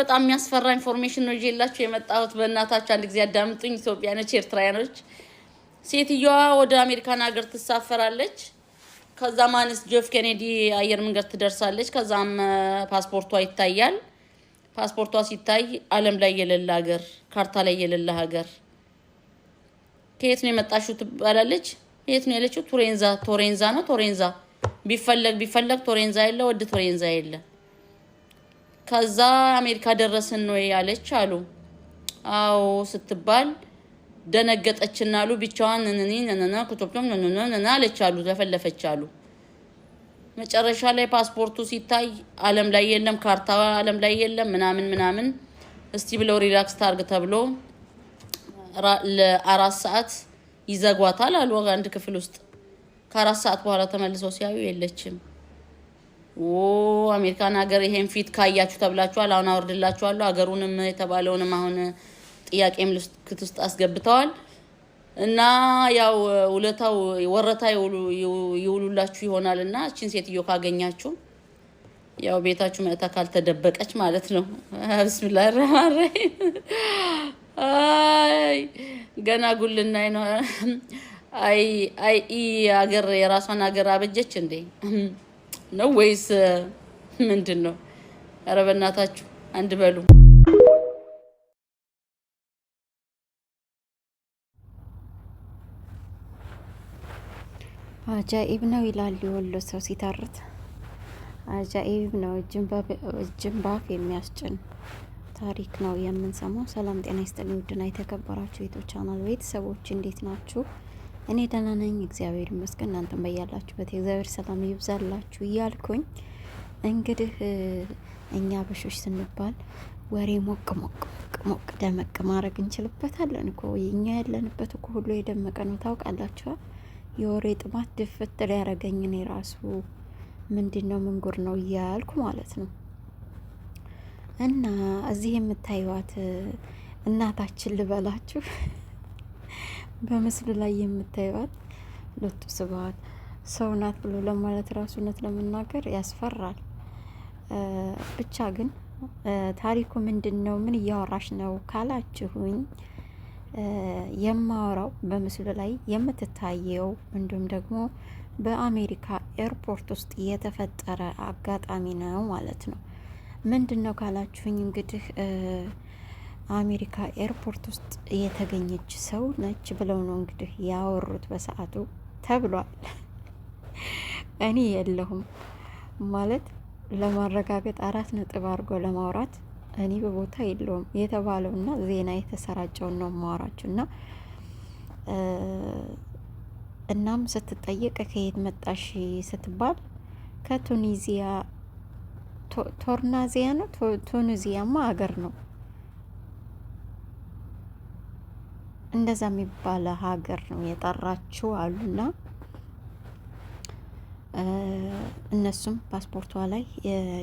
በጣም የሚያስፈራ ኢንፎርሜሽን ነው ይዤላችሁ የመጣሁት። በእናታችሁ አንድ ጊዜ አዳምጡኝ። ነች፣ ኤርትራያኖች፣ ሴትዮዋ ወደ አሜሪካን ሀገር ትሳፈራለች። ከዛ ማንስ ጆፍ ኬኔዲ አየር መንገድ ትደርሳለች። ከዛም ፓስፖርቷ ይታያል። ፓስፖርቷ ሲታይ ዓለም ላይ የሌለ ሀገር፣ ካርታ ላይ የሌለ ሀገር፣ ከየት ነው የመጣችሁ ትባላለች። የት ነው ያለችው? ቶሬንዛ ቶሬንዛ ነው ቶሬንዛ። ቢፈለግ ቢፈለግ ቶሬንዛ የለ፣ ወደ ቶሬንዛ የለ ከዛ አሜሪካ ደረስን ነው ያለች አሉ። አዎ ስትባል ደነገጠችና አሉ ብቻዋን ነነኒ ነነና ኩቶፕቶም ነነና ነና አለች አሉ። ተፈለፈች አሉ። መጨረሻ ላይ ፓስፖርቱ ሲታይ ዓለም ላይ የለም፣ ካርታ ዓለም ላይ የለም ምናምን ምናምን እስቲ ብለው ሪላክስ ታርግ ተብሎ ለአራት ሰዓት ይዘጓታል አሉ አንድ ክፍል ውስጥ ከአራት ሰዓት በኋላ ተመልሰው ሲያዩ የለችም። አሜሪካን ሀገር ይሄን ፊት ካያችሁ ተብላችኋል። አሁን አወርድላችኋለሁ። ሀገሩንም የተባለውንም አሁን ጥያቄም ልክት ውስጥ አስገብተዋል እና ያው ውለታው ወረታ ይውሉላችሁ ይሆናል እና እችን ሴትዮ ካገኛችሁ ያው ቤታችሁ መእታ ካልተደበቀች ማለት ነው። ብስሚላ አይ ገና ጉልናይ ነው። አይ አይ ሀገር የራሷን ሀገር አበጀች እንዴ! ነው ወይስ ምንድን ነው? ኧረ በእናታችሁ አንድ በሉ። አጃኢብ ነው ይላል የወሎ ሰው ሲተርት። አጃኢብ ነው ባፍ የሚያስጭን ታሪክ ነው የምንሰማው። ሰላም ጤና ይስጥልኝ። ውድና የተከበራችሁ የቶ ቤተሰቦች እንዴት ናችሁ? እኔ ደህና ነኝ፣ እግዚአብሔር ይመስገን። እናንተም በያላችሁበት የእግዚአብሔር ሰላም ይብዛላችሁ እያልኩኝ እንግዲህ እኛ በሾች ስንባል ወሬ ሞቅ ሞቅ ሞቅ ደመቅ ማድረግ እንችልበታለን እኮ እኛ ያለንበት እኮ ሁሉ የደመቀ ነው። ታውቃላችኋል። የወሬ ጥማት ድፍት ሊያረገኝ እኔ ራሱ ምንድን ነው ምንጉር ነው እያልኩ ማለት ነው። እና እዚህ የምታዩዋት እናታችን ልበላችሁ በምስሉ ላይ የምታዩት ሎቱ ስብሃት ሰው ናት ብሎ ለማለት ራሱነት ለመናገር ያስፈራል። ብቻ ግን ታሪኩ ምንድን ነው? ምን እያወራሽ ነው ካላችሁኝ የማወራው በምስሉ ላይ የምትታየው እንዲሁም ደግሞ በአሜሪካ ኤርፖርት ውስጥ የተፈጠረ አጋጣሚ ነው ማለት ነው። ምንድን ነው ካላችሁኝ እንግዲህ አሜሪካ ኤርፖርት ውስጥ የተገኘች ሰው ነች ብለው ነው እንግዲህ ያወሩት በሰዓቱ ተብሏል። እኔ የለሁም ማለት ለማረጋገጥ አራት ነጥብ አድርጎ ለማውራት እኔ በቦታ የለውም የተባለውና ዜና የተሰራጨውን ነው ማወራችሁ እና እናም ስትጠየቅ ከየት መጣሽ ስትባል ከቱኒዚያ ቶርናዚያ ነው። ቱኒዚያማ ሀገር ነው። እንደዛ የሚባለ ሀገር ነው የጠራችው አሉና እነሱም ፓስፖርቷ ላይ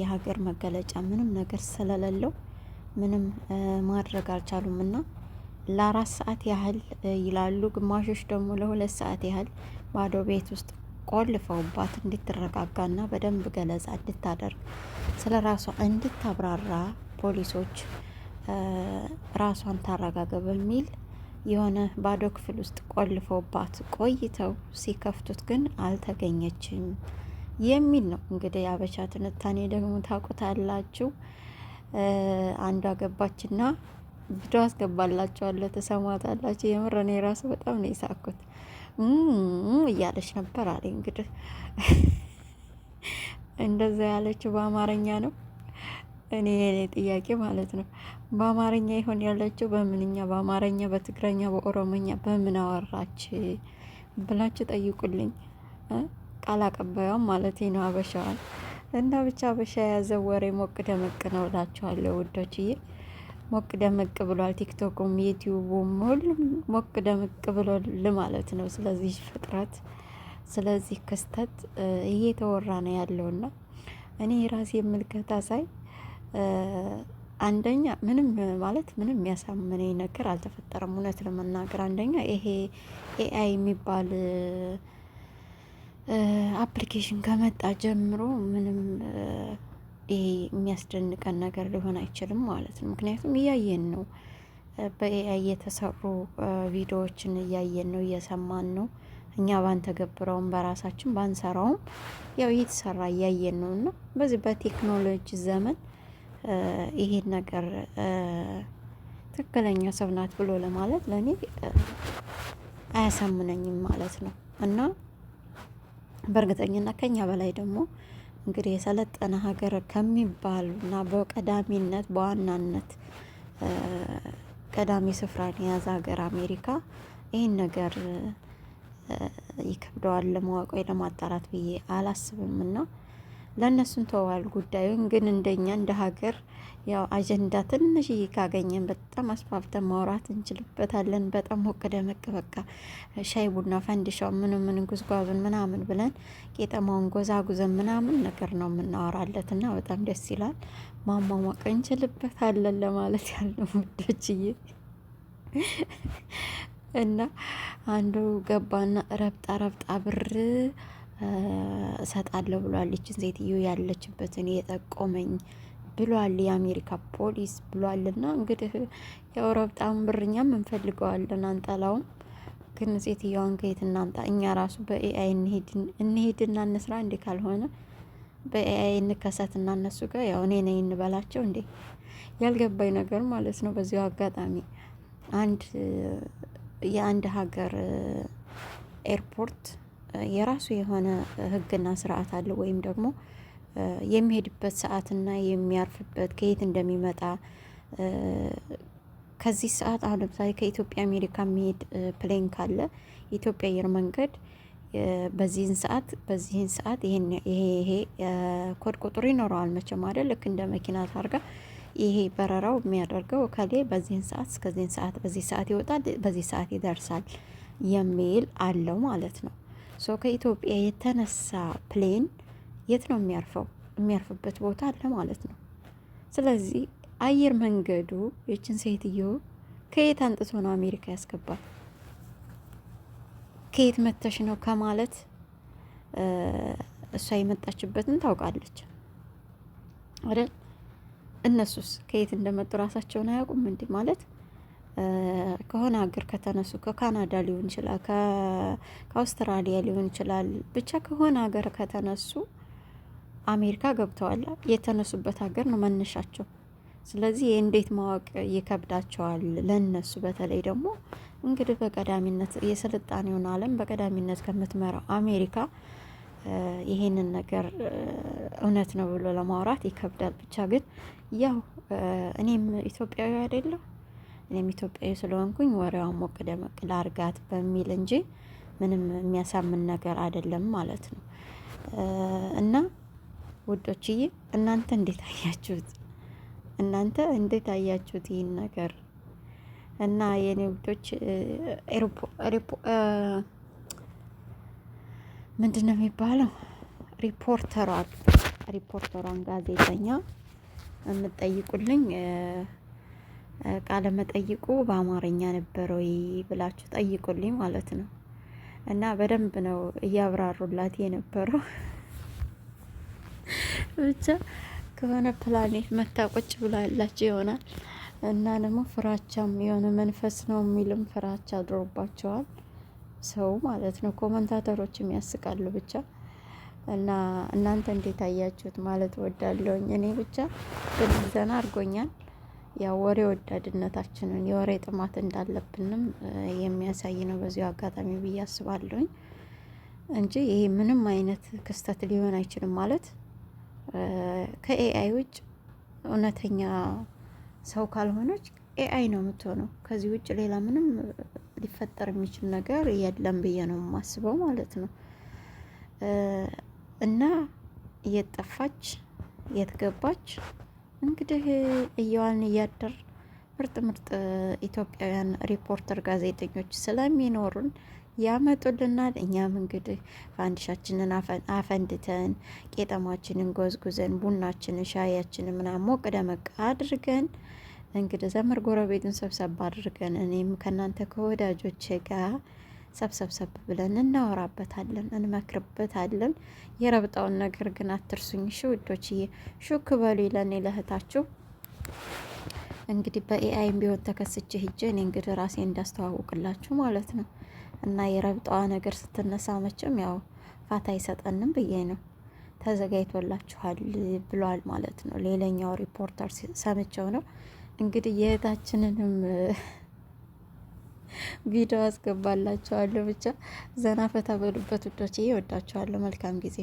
የሀገር መገለጫ ምንም ነገር ስለሌለው ምንም ማድረግ አልቻሉም እና ለአራት ሰዓት ያህል ይላሉ። ግማሾች ደግሞ ለሁለት ሰዓት ያህል ባዶ ቤት ውስጥ ቆልፈውባት እንድትረጋጋና በደንብ ገለጻ እንድታደርግ ስለ ራሷ እንድታብራራ ፖሊሶች ራሷን ታረጋገ በሚል የሆነ ባዶ ክፍል ውስጥ ቆልፈውባት ቆይተው ሲከፍቱት ግን አልተገኘችም የሚል ነው። እንግዲህ የአበሻ ትንታኔ ደግሞ ታውቁታላችሁ። አንዷ ገባችና ብዶ አስገባላችኋለሁ፣ ተሰማታላችሁ። የምር እኔ ራሱ በጣም ነው የሳኩት። እያለች ነበር አለ እንግዲህ እንደዛ ያለችው በአማርኛ ነው። እኔ የኔ ጥያቄ ማለት ነው በአማርኛ ይሆን ያለችው በምንኛ በአማርኛ በትግረኛ በኦሮሞኛ በምን አወራች ብላችሁ ጠይቁልኝ። ቃል አቀባዩም ማለት ነው አበሻዋል እና ብቻ አበሻ የያዘ ወሬ ሞቅ ደመቅ ነው እላችኋለሁ ውዶችዬ። ሞቅ ደመቅ ብሏል። ቲክቶኩም ዩቲዩቡም ሁሉም ሞቅ ደመቅ ብሎል ማለት ነው። ስለዚህ ፍጥረት፣ ስለዚህ ክስተት እየተወራ ነው ያለውና እኔ የራሴ ምልከታ ሳይ አንደኛ ምንም ማለት ምንም የሚያሳምነኝ ነገር አልተፈጠረም። እውነት ለመናገር አንደኛ ይሄ ኤአይ የሚባል አፕሊኬሽን ከመጣ ጀምሮ ምንም ይሄ የሚያስደንቀን ነገር ሊሆን አይችልም ማለት ነው። ምክንያቱም እያየን ነው፣ በኤአይ የተሰሩ ቪዲዮዎችን እያየን ነው፣ እየሰማን ነው። እኛ ባንተገብረውም በራሳችን ባንሰራውም ያው እየተሰራ እያየን ነው እና በዚህ በቴክኖሎጂ ዘመን ይሄን ነገር ትክክለኛ ሰው ናት ብሎ ለማለት ለእኔ አያሳምነኝም ማለት ነው። እና በእርግጠኝነት ከኛ በላይ ደግሞ እንግዲህ የሰለጠነ ሀገር ከሚባሉ እና በቀዳሚነት በዋናነት ቀዳሚ ስፍራን የያዘ ሀገር አሜሪካ ይህን ነገር ይከብደዋል ለማወቅ ወይ ለማጣራት ብዬ አላስብም እና ለእነሱን ተዋል ጉዳዩን ግን እንደኛ እንደ ሀገር ያው አጀንዳ ትንሽ ካገኘን በጣም አስፋፍተን ማውራት እንችልበታለን። በጣም ሞቅ ደመቅ በቃ ሻይ ቡና ፈንዲሻው ምን ምን ጉዝጓዙን ምናምን ብለን ቄጠማውን ጎዛጉዘን ምናምን ነገር ነው የምናወራለት እና በጣም ደስ ይላል። ማሟሟቅ እንችልበታለን ለማለት ያለው ውዶችዬ እና አንዱ ገባና ረብጣ ረብጣ ብር እሰጣለሁ ብሏል። ይችን ሴትዮ ያለችበትን የጠቆመኝ ብሏል። የአሜሪካ ፖሊስ ብሏል። እና እንግዲህ ያው ረብጣም ብርኛም እንፈልገዋለን አንጠላውም። ግን ሴትዮዋን ከየት እናምጣ? እኛ ራሱ በኤአይ እንሄድና እንስራ እንዴ? ካልሆነ በኤአይ እንከሰት እና እነሱ ጋር ያው እኔ ነኝ እንበላቸው እንዴ? ያልገባኝ ነገር ማለት ነው። በዚሁ አጋጣሚ አንድ የአንድ ሀገር ኤርፖርት የራሱ የሆነ ህግና ስርዓት አለው ወይም ደግሞ የሚሄድበት ሰዓትና የሚያርፍበት ከየት እንደሚመጣ ከዚህ ሰዓት አሁን ለምሳሌ ከኢትዮጵያ አሜሪካ የሚሄድ ፕሌን ካለ የኢትዮጵያ አየር መንገድ በዚህን ሰዓት በዚህን ሰዓት ይሄ ይሄ ኮድ ቁጥሩ ይኖረዋል መቼም አይደል? ልክ እንደ መኪና ታርጋ ይሄ በረራው የሚያደርገው ከሌ በዚህን ሰዓት እስከዚህን ሰዓት በዚህ ሰዓት ይወጣል፣ በዚህ ሰዓት ይደርሳል የሚል አለው ማለት ነው። ሶ ከኢትዮጵያ የተነሳ ፕሌን የት ነው የሚያርፈው? የሚያርፍበት ቦታ አለ ማለት ነው። ስለዚህ አየር መንገዱ የችን ሴትዮ ከየት አንጥቶ ነው አሜሪካ ያስገባት? ከየት መተሽ ነው ከማለት እሷ የመጣችበትን ታውቃለች አይደል? እነሱስ ከየት እንደመጡ ራሳቸውን አያውቁም እንዲህ ማለት ከሆነ ሀገር ከተነሱ ከካናዳ ሊሆን ይችላል፣ ከአውስትራሊያ ሊሆን ይችላል። ብቻ ከሆነ ሀገር ከተነሱ አሜሪካ ገብተዋል። የተነሱበት ሀገር ነው መነሻቸው። ስለዚህ እንዴት ማወቅ ይከብዳቸዋል። ለነሱ በተለይ ደግሞ እንግዲህ በቀዳሚነት የስልጣኔውን ዓለም በቀዳሚነት ከምትመራው አሜሪካ ይሄንን ነገር እውነት ነው ብሎ ለማውራት ይከብዳል። ብቻ ግን ያው እኔም ኢትዮጵያዊ አይደለሁ እኔም ኢትዮጵያዊ ስለሆንኩኝ ወሬዋን ሞቅ ደመቅ ላርጋት በሚል እንጂ ምንም የሚያሳምን ነገር አይደለም ማለት ነው። እና ውዶችዬ እናንተ እንዴት አያችሁት? እናንተ እንዴት አያችሁት ይህን ነገር? እና የእኔ ውዶች ምንድን ነው የሚባለው ሪፖርተሯን ሪፖርተሯን ጋዜጠኛ የምጠይቁልኝ ቃለ መጠይቁ በአማርኛ ነበር ወይ ብላችሁ ጠይቁልኝ ማለት ነው። እና በደንብ ነው እያብራሩላት የነበረው። ብቻ ከሆነ ፕላኔት መታ ቁጭ ብላ ይሆናል እና ደግሞ ፍራቻም የሆነ መንፈስ ነው የሚልም ፍራቻ አድሮባቸዋል ሰው ማለት ነው። ኮመንታተሮችም ያስቃሉ ብቻ እና እናንተ እንዴት አያችሁት ማለት ወዳለውኝ እኔ ብቻ ዘና አድርጎኛል። ያው ወሬ ወዳድነታችንን የወሬ ጥማት እንዳለብንም የሚያሳይ ነው በዚሁ አጋጣሚ ብዬ አስባለሁኝ እንጂ ይሄ ምንም አይነት ክስተት ሊሆን አይችልም። ማለት ከኤአይ ውጭ እውነተኛ ሰው ካልሆነች ኤአይ ነው የምትሆነው። ከዚህ ውጭ ሌላ ምንም ሊፈጠር የሚችል ነገር የለም ብዬ ነው የማስበው ማለት ነው። እና የት ጠፋች የት ገባች እንግዲህ እየዋልን እያደር ምርጥ ምርጥ ኢትዮጵያውያን ሪፖርተር ጋዜጠኞች ስለሚኖሩን ያመጡልናል። እኛም እንግዲህ ፋንዲሻችንን አፈንድተን ቄጠማችንን ጎዝጉዘን ቡናችንን ሻያችንን ምናምን ሞቅ ደመቅ አድርገን እንግዲህ ዘመድ ጎረቤቱን ሰብሰብ አድርገን እኔም ከእናንተ ከወዳጆቼ ጋር ሰብሰብሰብ ብለን እናወራበታለን፣ እንመክርበታለን። የረብጣውን ነገር ግን አትርሱኝ እሺ ውዶችዬ። ሹክ በሉ ይለን ለእህታችሁ እንግዲህ በኤአይም ቢሆን ተከስቼ ሂጄ እኔ እንግዲህ ራሴ እንዳስተዋውቅላችሁ ማለት ነው። እና የረብጣዋ ነገር ስትነሳ መቼም ያው ፋታ አይሰጠንም ብዬ ነው ተዘጋጅቶላችኋል ብሏል ማለት ነው። ሌላኛው ሪፖርተር ሰምቸው ነው እንግዲህ የእህታችንንም ቪዲዮ አስገባላችኋለሁ። ብቻ ዘና ፈታ በሉበት ውዶቼ፣ እወዳችኋለሁ። መልካም ጊዜ